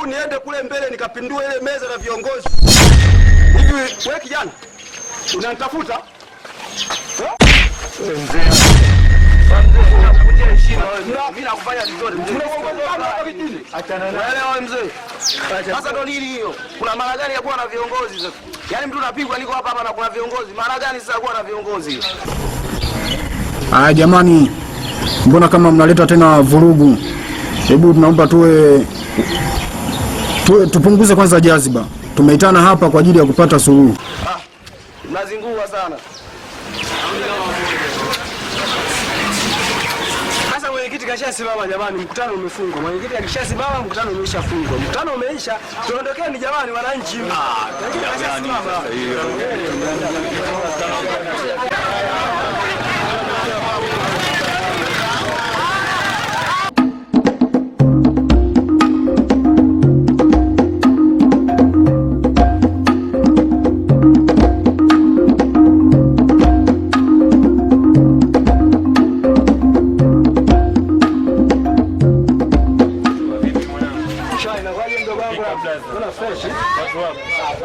au niende kule mbele nikapindua ile meza na viongozi hivi? Wewe kijana unanitafuta sasa ndo nini hiyo? Kuna mara gani ya kuwa na viongozi sasa? Yaani mtu unapigwa niko hapa hapa na kuna viongozi. Mara gani sasa kuwa na viongozi? Ah, jamani, mbona kama mnaleta tena vurugu? Hebu tunaomba tuwe tu, tupunguze kwanza jaziba. Tumeitana hapa kwa ajili ya kupata suluhu. Ah, mnazingua sana. Sasa mwenyekiti kashasimama jamani, mkutano umefungwa. Mwenyekiti akishasimama mkutano umeshafungwa. Mkutano umeisha. Tuondokeni jamani wananchi. Ah, kashasimama.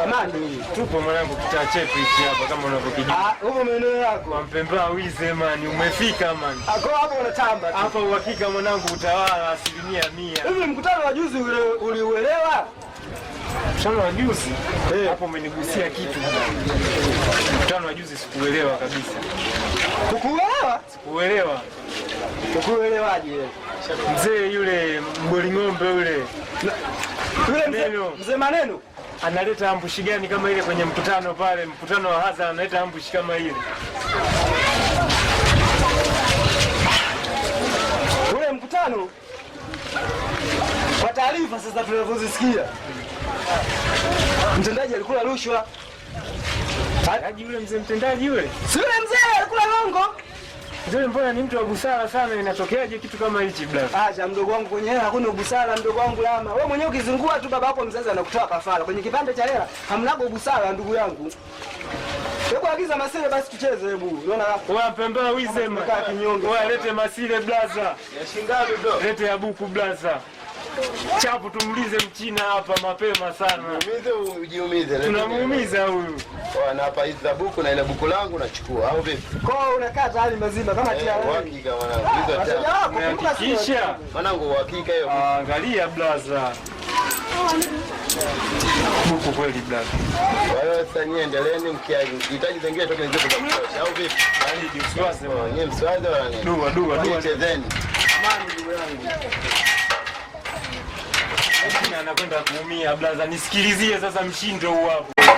Amani. Tupo mwanangu kitaa chetu hichi hapa kama unavyokijua. Ah, huko maeneo yako. Wampemba wize mani umefika mani. Ako hapo unatamba. Hapa uhakika mwanangu utawala asilimia mia. Hivi mkutano wa juzi uliuelewa? Mkutano wa juzi eh. hapo umenigusia kitu. Mkutano wa juzi sikuelewa kabisa. Kukuelewa? Kukuelewa. Kukuelewaje Mzee yule mboli ng'ombe yule. Yule mzee mzee maneno analeta ambushi gani kama ile kwenye mkutano pale, mkutano wa hadhara analeta ambushi kama ile. Ule mkutano kwa taarifa sasa tunavyozisikia, mtendaji alikula rushwa. Yule mzee mtendaji yule. Si yule mzee Bongo. Zuri mbona ni mtu wa busara sana, inatokeaje kitu kama hichi brother? Acha mdogo wangu, kwenye hela hakuna busara mdogo wangu Lama. Wewe mwenyewe ukizungua tu baba yako mzazi anakutoa kafara. Kwenye kipande cha hela hamnago busara ndugu yangu. Hebu agiza masile basi tucheze hebu. Unaona hapo? Wewe pembea wizema. Wewe lete masile blaza. Ya shingapi bro? Lete ya buku blaza. Chapu tumulize mchina hapa mapema sana. Ujiumize. Tunamuumiza huyu. Bwana hapa hizi za buku na ile buku langu nachukua au vipi? Kwa hiyo unakata hali mazima kama eh, kila wewe. Hakika ah, mwanangu. Kisha mwanangu hakika hiyo. Angalia blaza. Buku kweli blaza. Kwa hiyo sasa nyie endeleeni mkihitaji zingine toke nje kwa kutosha au vipi? Hadi yaani, usiwaze. Nyie msiwaze wala nini? Dua dua dua. Chezeni. Amani ndugu yangu anakwenda kuumia. Blaza, nisikilizie sasa, mshindo huu hapo. Ah!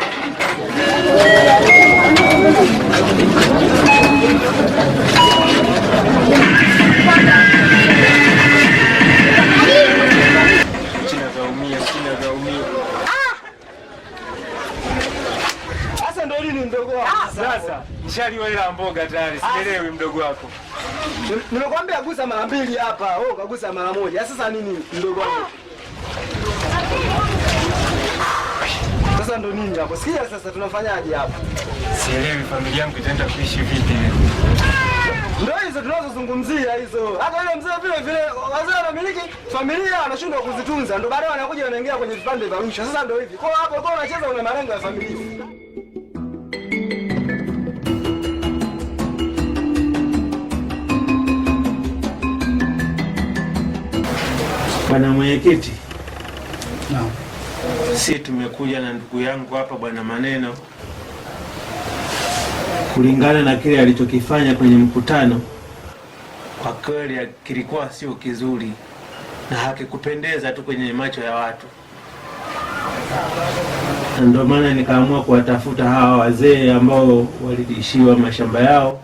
Ah! Sasa nishaliwa ila mboga tayari, ah! sielewi mdogo wako. Nimekwambia gusa mara mbili hapa, wewe ukagusa mara moja. Sasa nini mdogo wako? sasa ndo nini hapo? Sikia sasa tunafanyaje hapo? Sielewi familia yangu itaenda kuishi vipi. Ndio hizo tunazozungumzia hizo. Hata yule mzee vile vile wazee wanamiliki familia anashindwa kuzitunza. ndo baadaye wanakuja wanaingia kwenye vipande vya rusha. Sasa ndo hivi. Kwa hapo kwa unacheza una malengo ya familia. Bwana mwenyekiti. Naam. Si tumekuja na ndugu yangu hapa bwana Maneno kulingana na kile alichokifanya kwenye mkutano, kwa kweli kilikuwa sio kizuri na hakikupendeza tu kwenye macho ya watu, na ndio maana nikaamua kuwatafuta hawa wazee ambao walidishiwa mashamba yao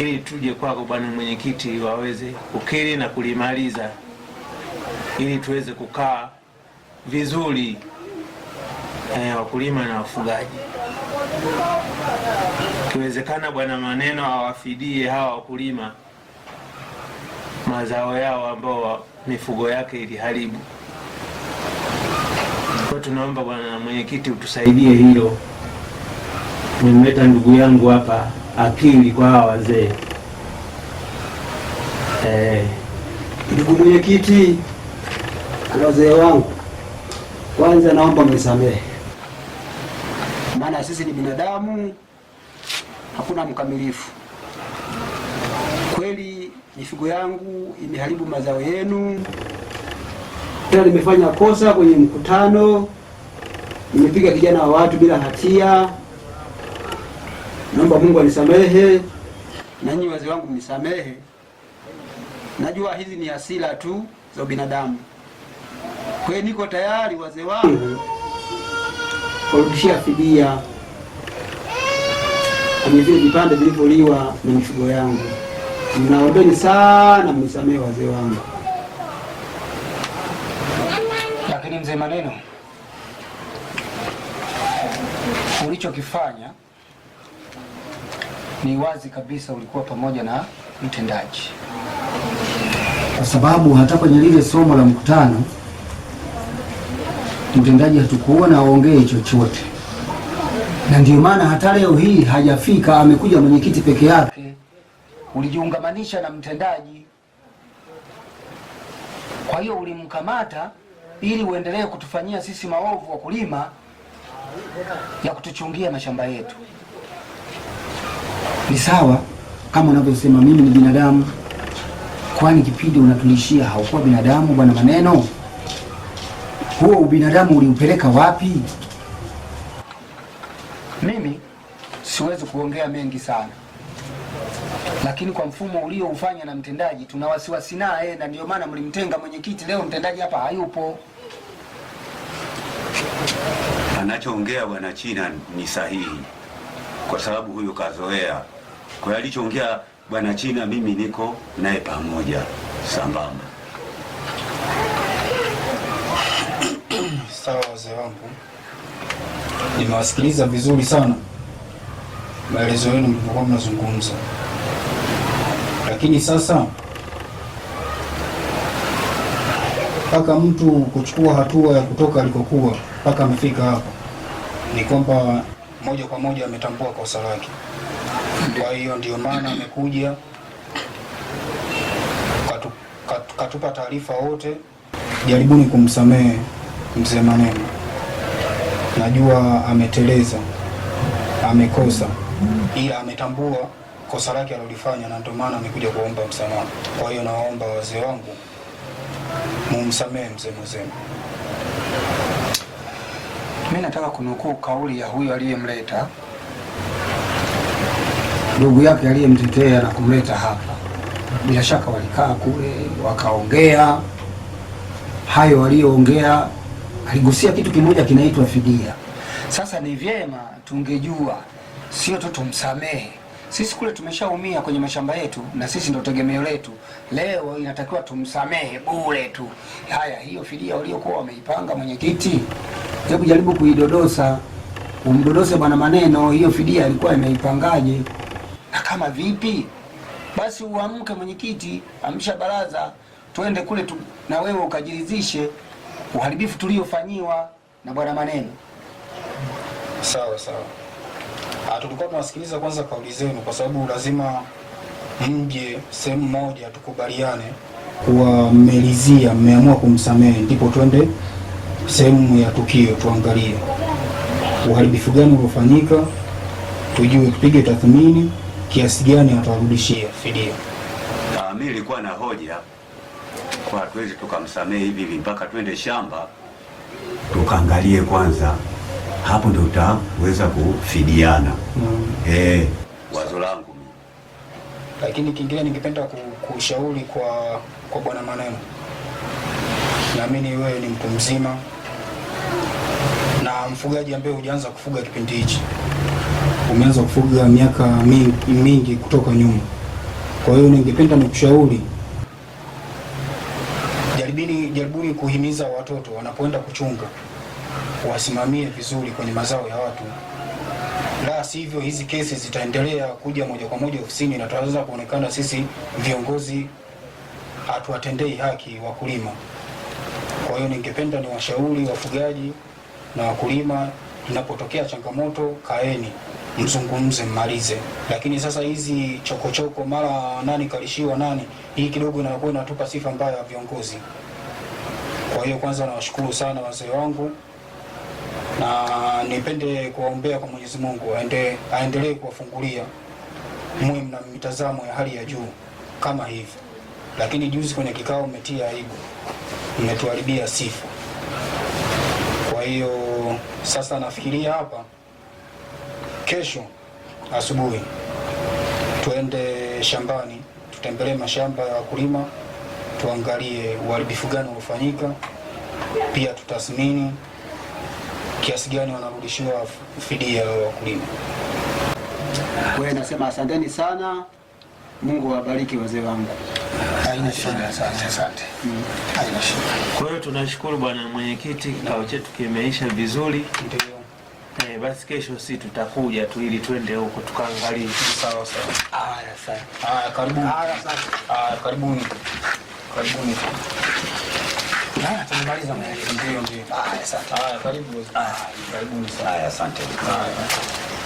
ili tuje kwako bwana mwenyekiti, waweze kukiri na kulimaliza ili tuweze kukaa vizuri eh, wakulima na wafugaji. Ikiwezekana Bwana Maneno awafidie hawa wakulima mazao yao ambao mifugo yake iliharibu. Kwa tunaomba Bwana Mwenyekiti utusaidie hilo. Nimeleta ndugu yangu hapa akili kwa hawa wazee eh. Ndugu mwenyekiti, wazee wangu kwanza naomba mnisamehe, maana sisi ni binadamu, hakuna mkamilifu. Kweli mifugo yangu imeharibu mazao yenu, pia nimefanya kosa kwenye mkutano, nimepiga kijana wa watu bila hatia. Naomba Mungu anisamehe, nyinyi wazee wangu mnisamehe. Najua hizi ni hasira tu za binadamu. Kwa hiyo niko tayari wazee wangu kurudishia fidia kwenye vile vipande vilivyoliwa na mifugo yangu. Mnaombeni sana mnisamehe wazee wangu. Lakini mzee Maneno, ulichokifanya ni wazi kabisa, ulikuwa pamoja na mtendaji, kwa sababu hata kwenye lile somo la mkutano mtendaji hatukuona aongee chochote, na ndio maana hata leo hii hajafika. Amekuja mwenyekiti peke yake. Ulijiungamanisha na mtendaji, kwa hiyo ulimkamata ili uendelee kutufanyia sisi maovu wakulima ya kutuchungia mashamba yetu. Ni sawa kama unavyosema, mimi ni binadamu. Kwani kipindi unatulishia haukuwa binadamu, bwana Maneno? huo ubinadamu uliupeleka wapi? Mimi siwezi kuongea mengi sana, lakini kwa mfumo ulioufanya na mtendaji, tuna wasiwasi naye, na ndio maana mlimtenga mwenyekiti. Leo mtendaji hapa hayupo. Anachoongea bwana China ni sahihi, kwa sababu huyo kazoea. Kwa hiyo alichoongea bwana China, mimi niko naye pamoja sambamba. sawa wazee wangu, nimewasikiliza vizuri sana maelezo yenu mlipokuwa mnazungumza, lakini sasa mpaka mtu kuchukua hatua ya kutoka alikokuwa mpaka amefika hapa, ni kwamba moja kwa moja ametambua kosa lake. Kwa hiyo ndio maana amekuja katu, katu, katupa taarifa wote, jaribuni kumsamehe mzee maneno, najua ameteleza, amekosa, ila ametambua kosa lake alilofanya, na ndio maana amekuja kuomba msamaha. Kwa hiyo nawaomba wazee wangu mumsamehe mzee Mwazembe. Mimi nataka kunukuu kauli ya huyo aliyemleta ndugu yake aliyemtetea na kumleta hapa. Bila shaka walikaa kule wakaongea hayo waliyoongea aligusia kitu kimoja kinaitwa fidia. Sasa ni vyema tungejua, sio tu tumsamehe sisi kule tumeshaumia kwenye mashamba yetu, na sisi ndo tegemeo letu. Leo inatakiwa tumsamehe bure tu. Haya, hiyo fidia uliokuwa wameipanga, mwenyekiti, hebu jaribu kuidodosa, umdodose bwana maneno, hiyo fidia alikuwa imeipangaje na kama vipi? Basi uamke mwenyekiti, amsha baraza, twende kule tu, na wewe ukajiridhishe uharibifu tuliofanyiwa na bwana Maneno. Sawa sawa, ah, tulikuwa tunasikiliza kwanza kauli zenu, kwa sababu lazima mje sehemu moja tukubaliane kuwa mmelizia, mmeamua kumsamehe, ndipo twende sehemu ya tukio tuangalie uharibifu gani uliofanyika, tujue, tupige tathmini kiasi gani atarudishia fidia. Ah, mimi nilikuwa na hoja kwa hatuwezi tukamsamehe hivi hivi, mpaka twende shamba tukaangalie kwanza, hapo ndio utaweza kufidiana. mm. Eh, wazo langu. Lakini kingine ningependa kushauri kwa kwa bwana Maneno, naamini wewe ni mtu mzima na mfugaji ambaye hujaanza kufuga kipindi hichi, umeanza kufuga miaka mingi, mingi kutoka nyuma. Kwa hiyo ningependa nikushauri ni kuhimiza watoto wanapoenda kuchunga wasimamie vizuri kwenye mazao ya watu, la sivyo hizi kesi zitaendelea kuja moja kwa moja ofisini na tutaweza kuonekana sisi viongozi hatuwatendei haki wakulima. Kwa hiyo ningependa washauri wafugaji na wakulima, inapotokea changamoto kaeni, mzungumze, mmalize. Lakini sasa hizi chokochoko, mara nani kalishiwa nani, hii kidogo inakuwa inatupa sifa mbaya ya viongozi. Kwa hiyo kwanza nawashukuru sana wazee wangu na nipende kuwaombea kwa Mwenyezi Mungu aendelee kuwafungulia mwe mna mitazamo ya hali ya juu kama hivi. Lakini juzi kwenye kikao mmetia aibu, mmetuharibia sifa. Kwa hiyo sasa nafikiria hapa, kesho asubuhi tuende shambani, tutembelee mashamba ya wakulima tuangalie uharibifu gani uliofanyika, pia tutathmini kiasi gani wanarudishiwa fidia ya wakulima. Wewe nasema asanteni sana, Mungu awabariki wazee wangu. shida, asante. Kwa hiyo tunashukuru bwana mwenyekiti, kikao chetu kimeisha vizuri. Eh, basi kesho si tutakuja tu ili twende huko tukaangalie. Sawa sawa. Haya, karibuni. Karibuni. Karibuni. Haya, asante. Haya, karibuni. Haya, asante. Haya.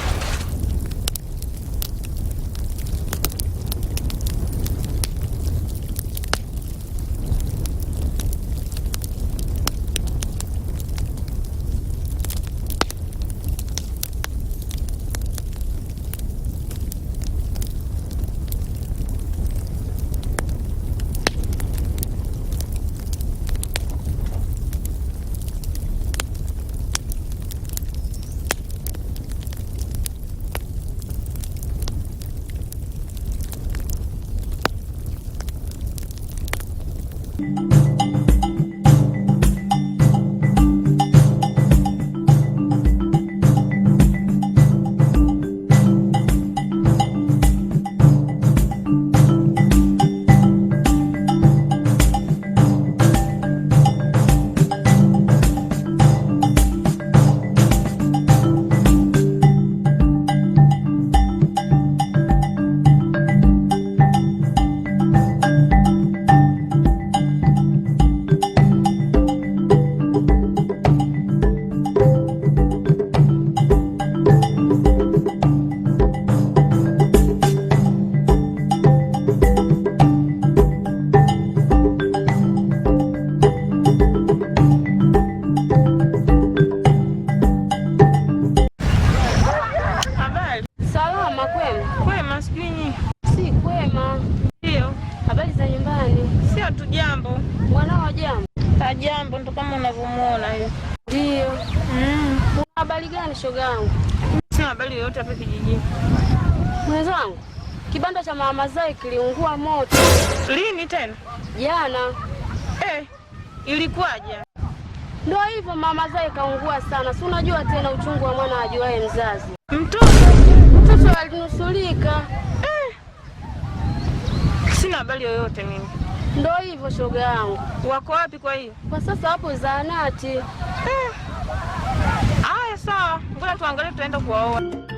kama unavyomuona hiyo. Ndio. Mm. Una habari gani shoga yangu? Sina habari yoyote hapa kijijini. Mwenzangu, kibanda cha mama Zai kiliungua moto. Lini tena? Jana. Eh, ilikuwaje? Ndio hivyo mama Zai kaungua sana. Si unajua tena uchungu wa mwana ajuaye mzazi. Mtoto mtoto alinusulika. Eh. Sina habari yoyote mimi. Ndo hivyo shoga yangu. Wako wapi kwa hiyo? Kwa sasa hapo zahanati. Eh. Haya, eh, sawa. Ngoja tuangalie tuende kuwaona.